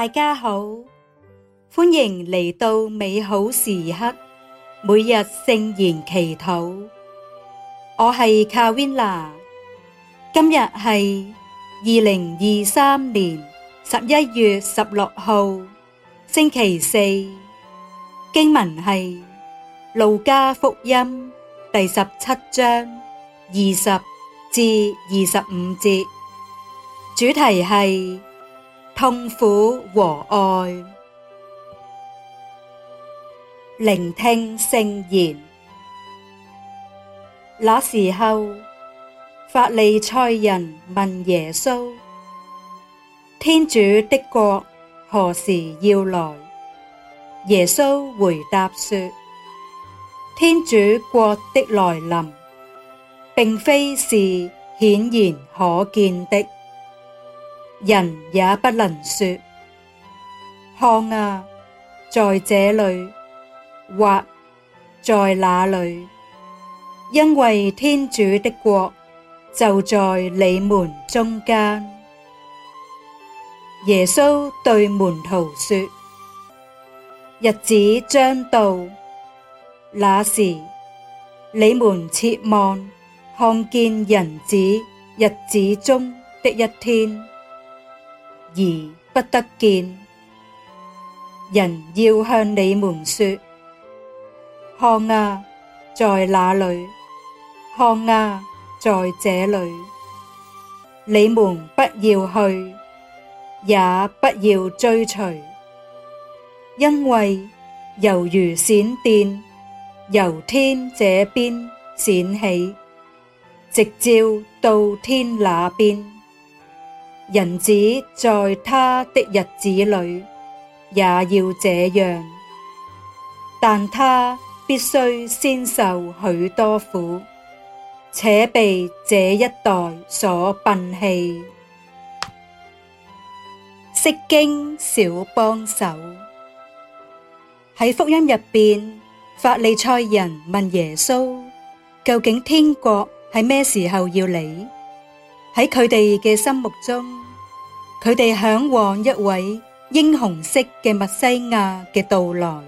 大家好，歡迎嚟到美好時刻，每日聖言祈禱。我係卡威娜，今日係二零二三年十一月十六號星期四，經文係路加福音第十七章二十至二十五節，主題係，痛苦和愛，聆聽聖言。那時候，法利賽人問耶穌：天主的國何時要來？耶穌回答說：天主國的來臨，並非是顯然可見的。人也不能說，看啊，在這裏或在那裏，因為天主的國就在你們中間。耶穌對門徒說：日子將到，那時，你們切望看見人子日子中的一天，而不得見，人要向你們說：看呀，在那裏；看呀，在這裏。你們不要去，也不要追隨，因為猶如閃電由天這邊閃起，直照到天那邊。人子在他的日子裏也要這樣，但他必須先受許多苦，且被這一代所擯棄。釋經小幫手。喺福音入邊，法利賽人問耶穌究竟天國喺咩時候要嚟？喺佢哋嘅心目中。佢哋嚮往一位英雄式嘅默西亞嘅到來，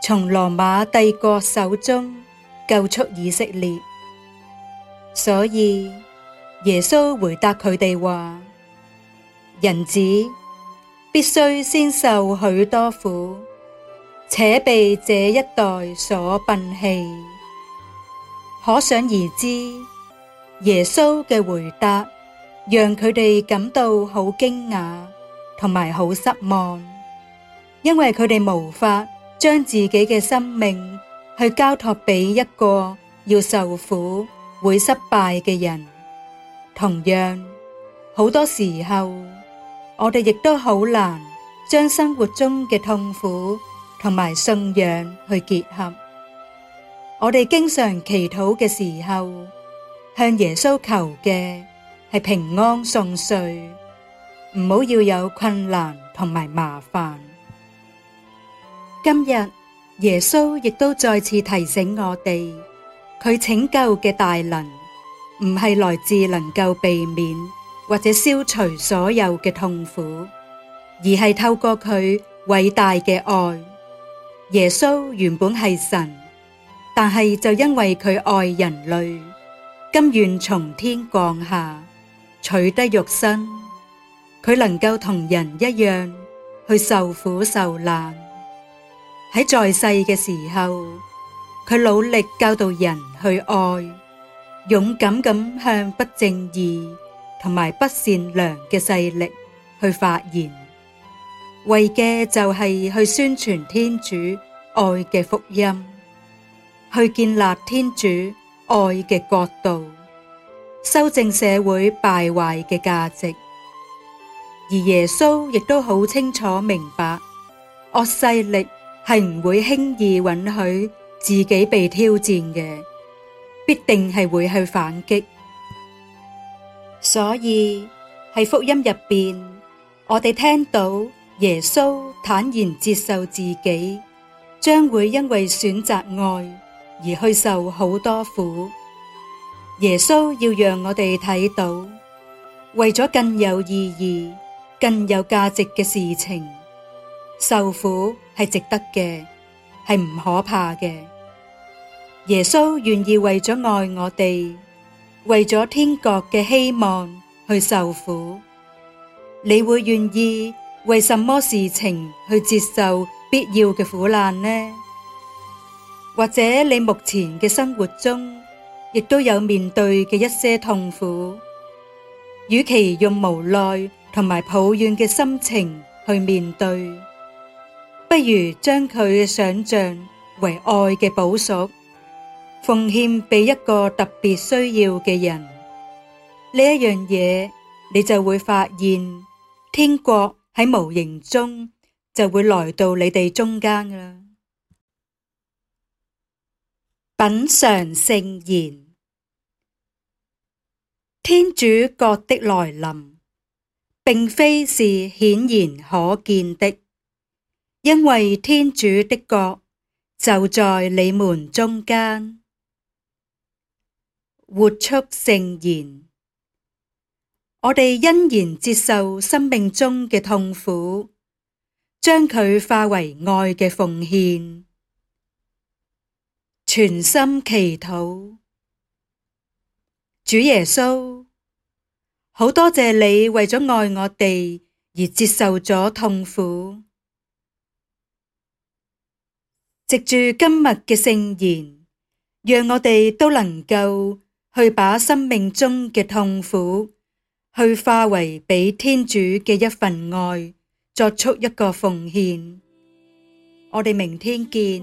從羅馬帝國手中救出以色列。所以耶穌回答佢哋話：人子必須先受許多苦，且被這一代所擯棄。可想而知，耶穌嘅回答。讓佢哋感到好驚訝，同埋好失望，因為佢哋無法將自己嘅生命去交託俾一個要受苦、會失敗嘅人。同樣，好多時候我哋亦都好難將生活中嘅痛苦同埋信仰去結合。我哋經常祈禱嘅時候，向耶穌求嘅。係平安順遂，唔好要，要有困難同埋麻煩。今日耶穌亦都再次提醒我哋，佢拯救嘅大能唔係來自能夠避免或者消除所有嘅痛苦，而係透過佢偉大嘅愛。耶穌原本係神，但係就因為佢愛人類，甘願從天降下，取得肉身，佢能夠同人一樣去受苦受難。喺在，在世嘅時候，佢努力教導人去愛，勇敢咁向不正義同埋不善良嘅勢力去發言，為嘅就係去宣傳天主愛嘅福音，去建立天主愛嘅國度。修正社會敗壞嘅價值，而耶穌亦都好清楚明白，惡勢力係唔會輕易允許自己被挑戰嘅，必定係會去反擊。所以喺福音入面，我哋聽到耶穌坦然接受自己，將會因為選擇愛而去受好多苦。耶穌要讓我哋睇到，為咗更有意義、更有價值嘅事情，受苦係值得嘅，係唔可怕嘅。耶穌願意為咗愛我哋，為咗天國嘅希望去受苦。你會願意為什麼事情去接受必要嘅苦難呢？或者你目前嘅生活中，亦都有面對嘅一些痛苦，與其用無奈同埋抱怨嘅心情去面對，不如將佢嘅想象為愛嘅補贖，奉獻俾一個特別需要嘅人。呢一樣嘢，你就會發現天國喺無形中就會來到你哋中間㗎喇。品嘗聖言。天主國的來臨，並非是顯然可見的，因為天主的國就在你們中間。活出聖言，我哋欣然接受生命中嘅痛苦，將佢化為愛嘅奉獻，全心祈禱。主耶穌，好多謝你為咗愛我哋而接受咗痛苦。藉住今日嘅聖言，讓我哋都能夠去把生命中嘅痛苦去化為俾天主嘅一份愛，作出一個奉獻。我哋明天見。